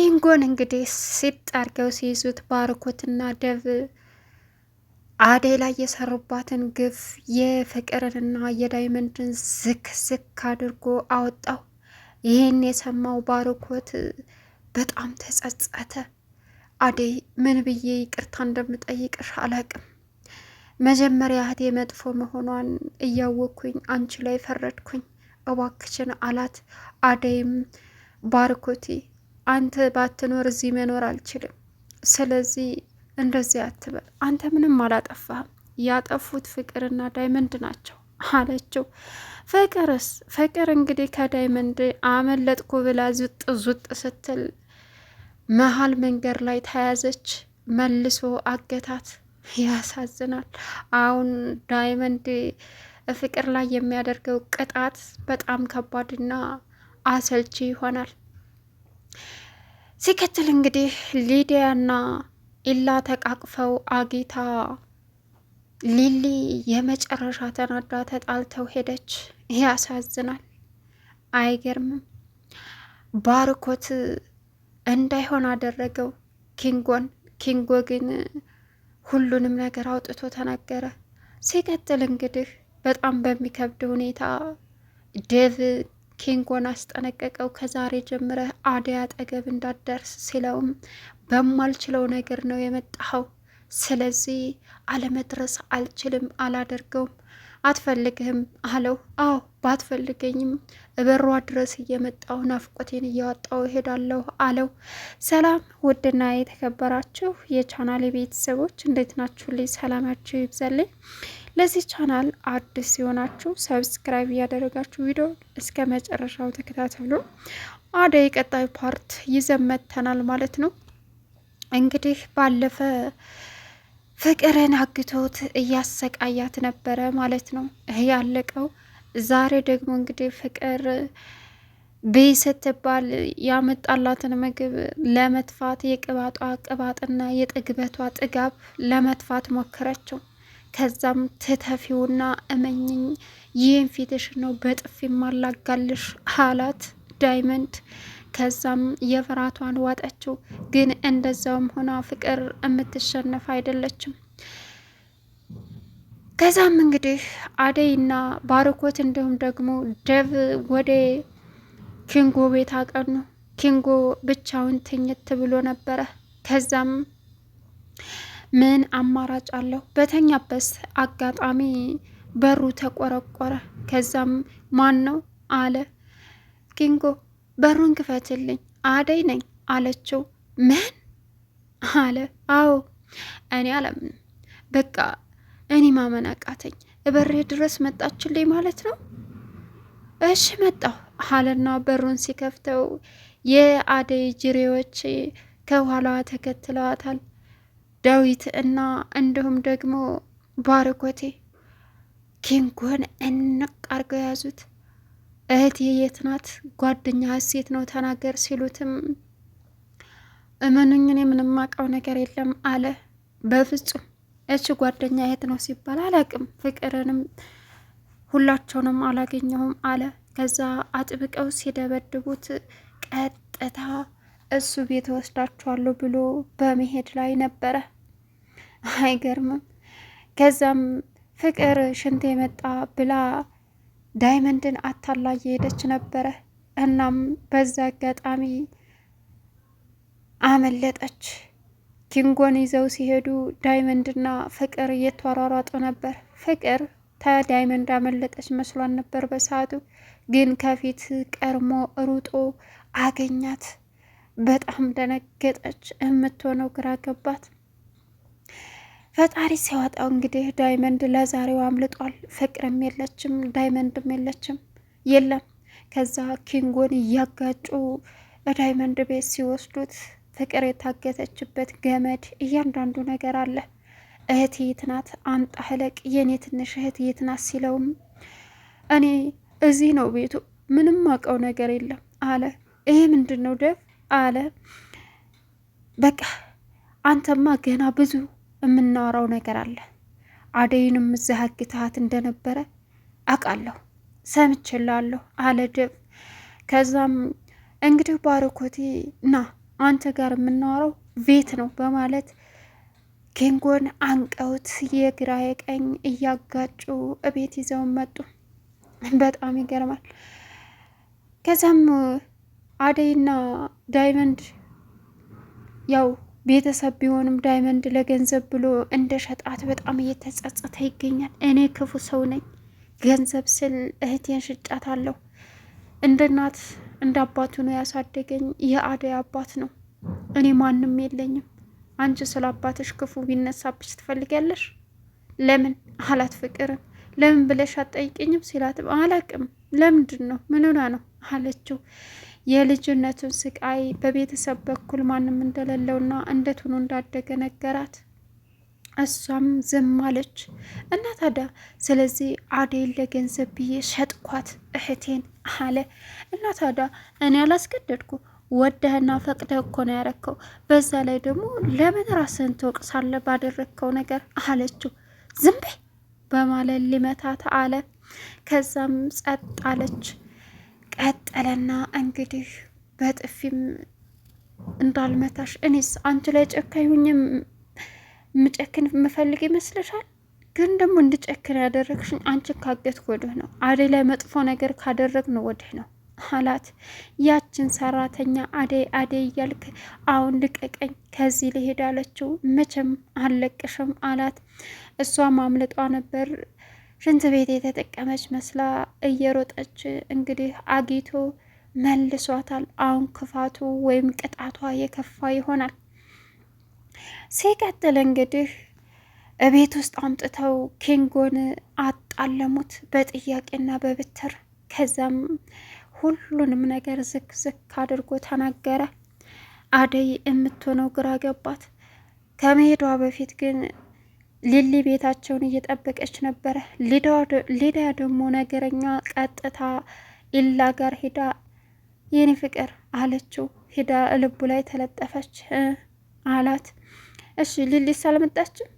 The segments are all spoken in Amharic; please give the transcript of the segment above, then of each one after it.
ኪንጎን እንግዲህ ሲጥ አርገው ሲይዙት ባርኮትና ደብ አደይ ላይ የሰሩባትን ግፍ የፍቅርንና የዳይመንድን ዝክ ዝክ አድርጎ አወጣው። ይህን የሰማው ባርኮት በጣም ተጸጸተ። አደይ ምን ብዬ ይቅርታ እንደምጠይቅሽ አላቅም። መጀመሪያ እህቴ መጥፎ መሆኗን እያወቅኩኝ አንቺ ላይ ፈረድኩኝ፣ እባክሽን አላት። አደይም ባርኮቴ አንተ ባትኖር እዚህ መኖር አልችልም። ስለዚህ እንደዚህ አትበል፣ አንተ ምንም አላጠፋህም። ያጠፉት ፍቅርና ዳይመንድ ናቸው አለችው። ፍቅርስ ፍቅር እንግዲህ ከዳይመንድ አመለጥኩ ብላ ዝጥ ዙጥ ስትል መሀል መንገድ ላይ ተያዘች፣ መልሶ አገታት። ያሳዝናል። አሁን ዳይመንድ ፍቅር ላይ የሚያደርገው ቅጣት በጣም ከባድና አሰልቺ ይሆናል። ሲከትል እንግዲህ ሊዲያና ኢላ ተቃቅፈው አጊታ ሊሊ የመጨረሻ ተናዳ ተጣልተው ሄደች። ያሳዝናል። አይገርምም። ባርኮት እንዳይሆን አደረገው ኪንጎን። ኪንጎ ግን ሁሉንም ነገር አውጥቶ ተናገረ። ሲቀጥል እንግዲህ በጣም በሚከብድ ሁኔታ ዴቭ ኪንጎን አስጠነቀቀው። ከዛሬ ጀምረህ አደይ አጠገብ እንዳትደርስ ሲለውም በማልችለው ነገር ነው የመጣኸው። ስለዚህ አለመድረስ አልችልም፣ አላደርገውም አትፈልግህም አለው። አዎ ባትፈልገኝም እበሯ ድረስ እየመጣው ናፍቆቴን እያወጣው እሄዳለሁ አለው። ሰላም ውድና የተከበራችሁ የቻናል ቤተሰቦች እንዴት ናችሁ? ልይ ሰላማችሁ ይብዛልኝ። ለዚህ ቻናል አዲስ ሲሆናችሁ ሰብስክራይብ እያደረጋችሁ ቪዲዮ እስከ መጨረሻው ተከታተሉ። አደይ ቀጣይ ፓርት ይዘመተናል ማለት ነው እንግዲህ ባለፈ ፍቅርን አግቶት እያሰቃያት ነበረ ማለት ነው ያለቀው። ዛሬ ደግሞ እንግዲህ ፍቅር ብይ ስትባል ያመጣላትን ምግብ ለመትፋት የቅባጧ ቅባጥና የጥግበቷ ጥጋብ ለመትፋት ሞከረችው። ከዛም ትተፊውና እመኝኝ ይህን ፊትሽ ነው በጥፊ ማላጋልሽ አላት ዳይመንድ ከዛም የፍራቷን ዋጠችው። ግን እንደዛውም ሆና ፍቅር የምትሸነፍ አይደለችም። ከዛም እንግዲህ አደይና ባርኮት እንዲሁም ደግሞ ደብ ወደ ኪንጎ ቤት አቀኑ። ኪንጎ ብቻውን ትኝት ብሎ ነበረ። ከዛም ምን አማራጭ አለው? በተኛበት አጋጣሚ በሩ ተቆረቆረ። ከዛም ማን ነው አለ ኪንጎ በሩን ክፈትልኝ አደይ ነኝ አለችው። ምን አለ? አዎ እኔ አለምን በቃ እኔ ማመን አቃተኝ። በሬ ድረስ መጣችልኝ ማለት ነው። እሺ መጣሁ አለና በሩን ሲከፍተው የአደይ ጅሬዎች ከኋላ ተከትለዋታል። ዳዊት እና እንዲሁም ደግሞ ባርኮቴ ኪንጎን እንቅ አርገው ያዙት። እህቴ የት ናት? ጓደኛ ሀሴት ነው ተናገር ሲሉትም እመኑኝ እኔ ነገር የለም አለ። በፍጹም እች ጓደኛ የት ነው ሲባል አላቅም፣ ፍቅርንም ሁላቸውንም አላገኘሁም አለ። ከዛ አጥብቀው ሲደበድቡት ቀጥታ እሱ ቤት ወስዳችኋለሁ ብሎ በመሄድ ላይ ነበረ። አይገርምም። ከዛም ፍቅር ሽንት የመጣ ብላ ዳይመንድን አታላ እየሄደች ነበረ። እናም በዛ አጋጣሚ አመለጠች። ኪንጎን ይዘው ሲሄዱ ዳይመንድና ፍቅር እየተሯሯጡ ነበር። ፍቅር ተዳይመንድ አመለጠች መስሏን ነበር በሰዓቱ ግን ከፊት ቀርሞ ሩጦ አገኛት። በጣም ደነገጠች። የምትሆነው ግራ ገባት። ፈጣሪ ሲያወጣው እንግዲህ ዳይመንድ ለዛሬው አምልጧል። ፍቅርም የለችም፣ ዳይመንድም የለችም የለም። ከዛ ኪንጎን እያጋጩ ዳይመንድ ቤት ሲወስዱት ፍቅር የታገተችበት ገመድ እያንዳንዱ ነገር አለ። እህት የት ናት? አምጣ ህለቅ፣ የእኔ ትንሽ እህት የት ናት? ሲለውም እኔ እዚህ ነው ቤቱ፣ ምንም አውቀው ነገር የለም አለ። ይሄ ምንድን ነው ደፍ አለ። በቃ አንተማ ገና ብዙ የምናወራው ነገር አለ። አደይንም እዚህ አግተሃት እንደነበረ አውቃለሁ፣ ሰምችላለሁ አለ ደብ። ከዛም እንግዲህ ባርኮቴ ና አንተ ጋር የምናወራው ቤት ነው በማለት ኬንጎን አንቀውት የግራ የቀኝ እያጋጩ እቤት ይዘውን መጡ። በጣም ይገርማል። ከዛም አደይና ዳይመንድ ያው ቤተሰብ ቢሆንም ዳይመንድ ለገንዘብ ብሎ እንደ ሸጣት በጣም እየተጸጸተ ይገኛል። እኔ ክፉ ሰው ነኝ፣ ገንዘብ ስል እህቴን አለሁ። እንደ እናት እንደ አባቱ ነው ያሳደገኝ፣ የአደይ አባት ነው። እኔ ማንም የለኝም። አንቺ ስለ አባትሽ ክፉ ቢነሳብሽ ትፈልጊያለሽ? ለምን አላት። ፍቅርም። ለምን ብለሽ አትጠይቅኝም ሲላት፣ አላቅም ለምንድን ነው ምንና ነው አለችው። የልጅነቱን ስቃይ በቤተሰብ በኩል ማንም እንደሌለውና እንዴት ሆኖ እንዳደገ ነገራት። እሷም ዝም አለች እና ታዲያ ስለዚህ አደይን ለገንዘብ ብዬ ሸጥኳት እህቴን አለ እና ታዲያ እኔ አላስገደድኩ ወደህና ፈቅደ እኮ ነው ያረከው። በዛ ላይ ደግሞ ለምን ራስህን ትወቅሳለህ ባደረግከው ነገር አለችው። ዝም በይ በማለት ሊመታት አለ። ከዛም ጸጥ አለች። ቀጠለና እንግዲህ በጥፊም እንዳልመታሽ እኔስ አንቺ ላይ ጨካኝ ሁኝ ምጨክን ምፈልግ ይመስልሻል? ግን ደግሞ እንድጨክን ያደረግሽኝ አንቺ ካገትኩ ወድህ ነው። አደይ ላይ መጥፎ ነገር ነው ወድህ ነው አላት። ያችን ሰራተኛ አደይ አደይ እያልክ አሁን ልቀቀኝ፣ ከዚህ ልሄድ አለችው። መቼም አልለቅሽም አላት። እሷ ማምለጧ ነበር ሽንት ቤት የተጠቀመች መስላ እየሮጠች እንግዲህ አጊቶ መልሷታል። አሁን ክፋቱ ወይም ቅጣቷ የከፋ ይሆናል። ሲቀጥል እንግዲህ እቤት ውስጥ አምጥተው ኪንጎን አጣለሙት በጥያቄና በብትር። ከዛም ሁሉንም ነገር ዝክ ዝክ አድርጎ ተናገረ። አደይ የምትሆነው ግራ ገባት። ከመሄዷ በፊት ግን ሊሊ ቤታቸውን እየጠበቀች ነበረ። ሊዳ ደግሞ ነገረኛ ቀጥታ ኢላ ጋር ሂዳ የኔ ፍቅር አለችው። ሂዳ ልቡ ላይ ተለጠፈች አላት። እሺ ሊሊ ሳልመጣችም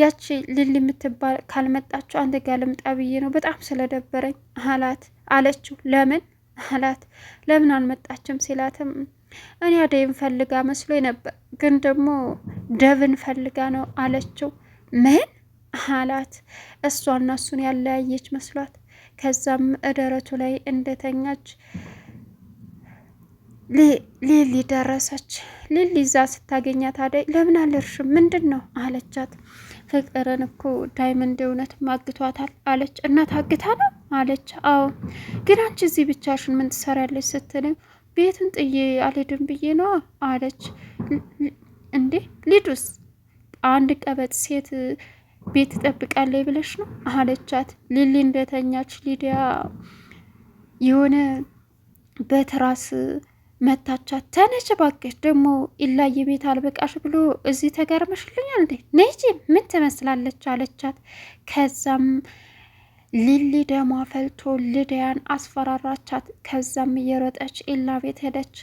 ያቺ ሊሊ የምትባል ካልመጣችሁ አንተ ጋር ልምጣ ብዬ ነው በጣም ስለደበረኝ አላት አለችው። ለምን አላት። ለምን አልመጣችም ሲላትም እኔ አደይን ፈልጋ መስሎ ነበር፣ ግን ደግሞ ደብን ፈልጋ ነው አለችው። ምን አላት። እሷና እሱን ያለያየች መስሏት፣ ከዛም እደረቱ ላይ እንደተኛች ሊሊ ደረሰች። ሊሊ እዛ ስታገኛት አደይ ለምን አልርሽም ምንድን ነው አለቻት። ፍቅርን እኮ ዳይመንድ እውነት ማግቷታል አለች። እናት አግታ ነው አለች። አዎ ግን አንቺ እዚህ ብቻሽን ምን ትሰሪያለች? ስትልም ቤትን ጥዬ አልሄድም ብዬ ነው አለች። እንዴ ሊዱስ አንድ ቀበጥ ሴት ቤት ትጠብቃለች ብለሽ ነው አለቻት። ሊሊ እንደተኛች ሊዲያ የሆነ በትራስ መታቻት። ተነች ባቄሽ ደግሞ ኢላ የቤት አልበቃሽ ብሎ እዚህ ተገርመሽልኛል እንዴ ነጂ ምን ትመስላለች አለቻት። ከዛም ሊሊ ደማ ፈልቶ ልዳያን አስፈራራቻት። ከዛም እየሮጠች ኢላ ቤት ሄደች።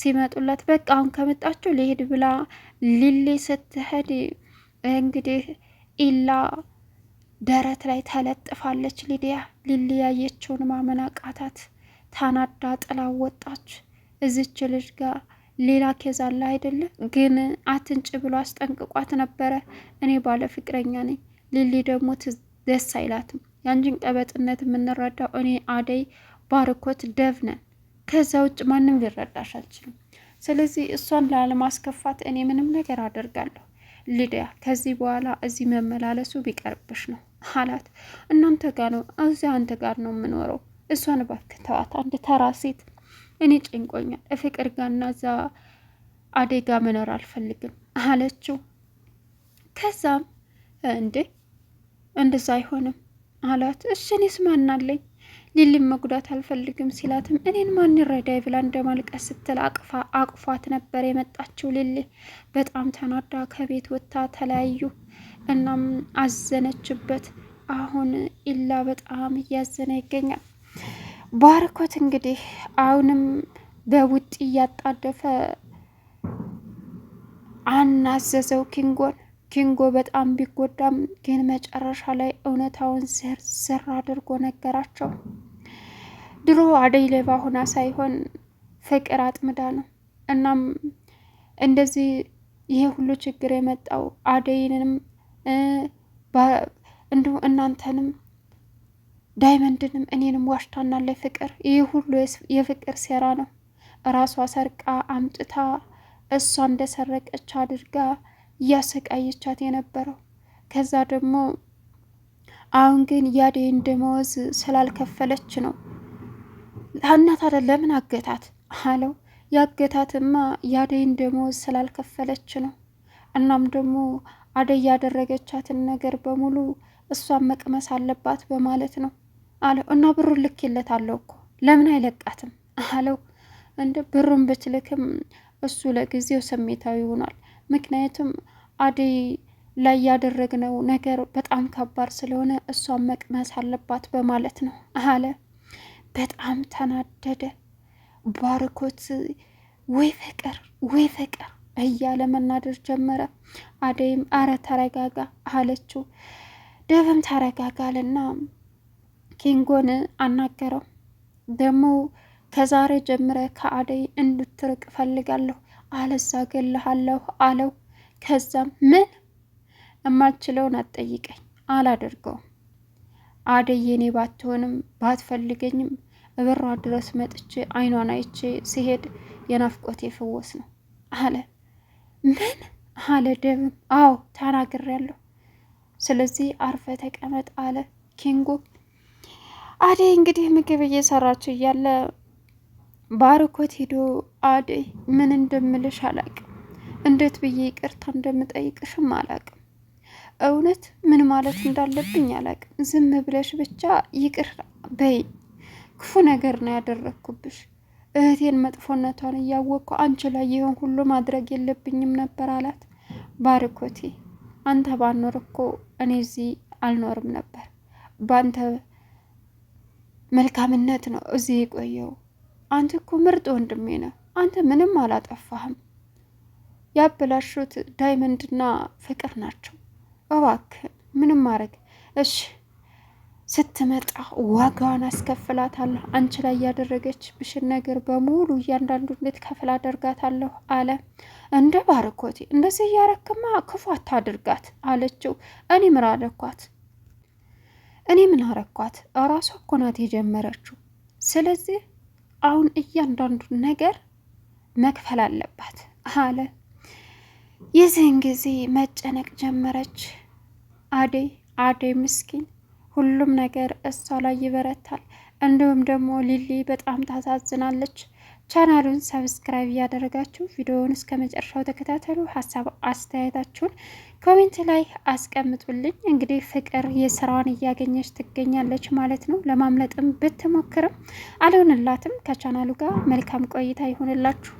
ሲመጡለት በቃ አሁን ከመጣችሁ ልሄድ ብላ ሊሊ ስትሄድ እንግዲህ ኢላ ደረት ላይ ተለጥፋለች። ሊዲያ ሊሊ ያየችውን ማመን አቃታት። ታናዳ ጥላ ወጣች። እዚች ልጅ ጋር ሌላ ኬዝ አለ አይደለ? ግን አትንጭ ብሎ አስጠንቅቋት ነበረ። እኔ ባለ ፍቅረኛ ነኝ። ሊሊ ደግሞ ደስ አይላትም። የአንቺን ቀበጥነት የምንረዳው እኔ አደይ ባርኮት ደቭነን። ከዛ ውጭ ማንም ሊረዳሽ አልችልም። ስለዚህ እሷን ላለማስከፋት እኔ ምንም ነገር አደርጋለሁ። ሊዲያ ከዚህ በኋላ እዚህ መመላለሱ ቢቀርብሽ ነው አላት። እናንተ ጋር ነው እዚያ አንተ ጋር ነው የምኖረው። እሷን እባክህ ተዋት፣ አንድ ተራ ሴት እኔ ጭንቆኛ እፍቅር ጋርና እዛ አደጋ መኖር አልፈልግም አለችው። ከዛም እንዴ እንደዛ አይሆንም አላት። እሽን ይስማናለኝ ሊሊም መጉዳት አልፈልግም ሲላትም እኔን ማን ረዳይ ብላ እንደማልቀስ ስትል አቅፋ አቅፏት ነበር የመጣችው። ሊሊ በጣም ተናዳ ከቤት ወጥታ ተለያዩ። እናም አዘነችበት። አሁን ኢላ በጣም እያዘነ ይገኛል። ባርኮት እንግዲህ አሁንም በውጥ እያጣደፈ አናዘዘው ኪንጎን። ኪንጎ በጣም ቢጎዳም ግን መጨረሻ ላይ እውነታውን ዝርዝር አድርጎ ነገራቸው። ድሮ አደይ ሌባ ሆና ሳይሆን ፍቅር አጥምዳ ነው። እናም እንደዚህ ይሄ ሁሉ ችግር የመጣው አደይንም እንዲሁ እናንተንም ዳይመንድንም እኔንም ዋሽታና ፍቅር ይህ ሁሉ የፍቅር ሴራ ነው። ራሷ ሰርቃ አምጥታ እሷ እንደሰረቀች አድርጋ እያሰቃየቻት የነበረው ከዛ ደግሞ አሁን ግን ያደይን ደመወዝ ስላልከፈለች ነው እናት አይደል ለምን አገታት አለው። ያገታትማ የአደይን ደመወዝ ስላልከፈለች ነው። እናም ደግሞ አደይ ያደረገቻትን ነገር በሙሉ እሷን መቅመስ አለባት በማለት ነው አለው። እና ብሩን አለው እኮ ለምን አይለቃትም አለው። እንደ ብሩን ብትልክም እሱ ለጊዜው ስሜታዊ ሆኗል። ምክንያቱም አደይ ላይ ያደረግነው ነገር በጣም ከባድ ስለሆነ እሷን መቅመስ አለባት በማለት ነው አለ። በጣም ተናደደ። ባርኮት ወይ ፍቅር ወይ ፍቅር እያለ መናደር ጀመረ። አደይም አረ ተረጋጋ አለችው። ደብም ተረጋጋልና ኪንጎን አናገረው። ደግሞ ከዛሬ ጀምረ ከአደይ እንድትርቅ ፈልጋለሁ፣ አለዛ ገልሃለሁ አለው። ከዛም ምን የማልችለውን አትጠይቀኝ፣ አላደርገውም። አደይ የኔ ባትሆንም ባትፈልገኝም በሯ ድረስ መጥቼ አይኗን አይቼ ሲሄድ የናፍቆቴ ፍወስ ነው አለ። ምን አለ ደብም። አዎ ተናግሬያለሁ፣ ስለዚህ አርፈ ተቀመጥ አለ ኪንጎ። አደይ እንግዲህ ምግብ እየሰራችው እያለ ባርኮት ሂዶ አደይ ምን እንደምልሽ አላቅም፣ እንዴት ብዬ ይቅርታ እንደምጠይቅሽም አላቅም። እውነት ምን ማለት እንዳለብኝ አላቅም። ዝም ብለሽ ብቻ ይቅር በይኝ ክፉ ነገር ነው ያደረግኩብሽ። እህቴን መጥፎነቷን እያወቅኩ አንቺ ላይ ይሆን ሁሉ ማድረግ የለብኝም ነበር አላት። ባርኮቴ አንተ ባኖር እኮ እኔ እዚህ አልኖርም ነበር። በአንተ መልካምነት ነው እዚህ የቆየው። አንተ እኮ ምርጥ ወንድሜ ነው። አንተ ምንም አላጠፋህም። ያበላሹት ዳይመንድና ፍቅር ናቸው። እባክህን ምንም ማድረግ እሺ ስትመጣ ዋጋዋን አስከፍላታለሁ። አንቺ ላይ ብሽን ነገር በሙሉ እያንዳንዱ ከፍል አደርጋታለሁ አለ። እንደ ባርኮቴ እንደዚህ እያረክማ ክፉ አታድርጋት አለችው። እኔ ምን አረኳት? እኔ ምን አረኳት? እራሷ እኮ ናት የጀመረችው። ስለዚህ አሁን እያንዳንዱን ነገር መክፈል አለባት አለ። የዚህን ጊዜ መጨነቅ ጀመረች አዴ አዴ ምስኪን ሁሉም ነገር እሷ ላይ ይበረታል። እንዲሁም ደግሞ ሊሊ በጣም ታሳዝናለች። ቻናሉን ሰብስክራይብ እያደረጋችሁ ቪዲዮውን እስከ መጨረሻው ተከታተሉ። ሀሳብ አስተያየታችሁን ኮሜንት ላይ አስቀምጡልኝ። እንግዲህ ፍቅር የስራዋን እያገኘች ትገኛለች ማለት ነው። ለማምለጥም ብትሞክርም አልሆንላትም። ከቻናሉ ጋር መልካም ቆይታ ይሆንላችሁ።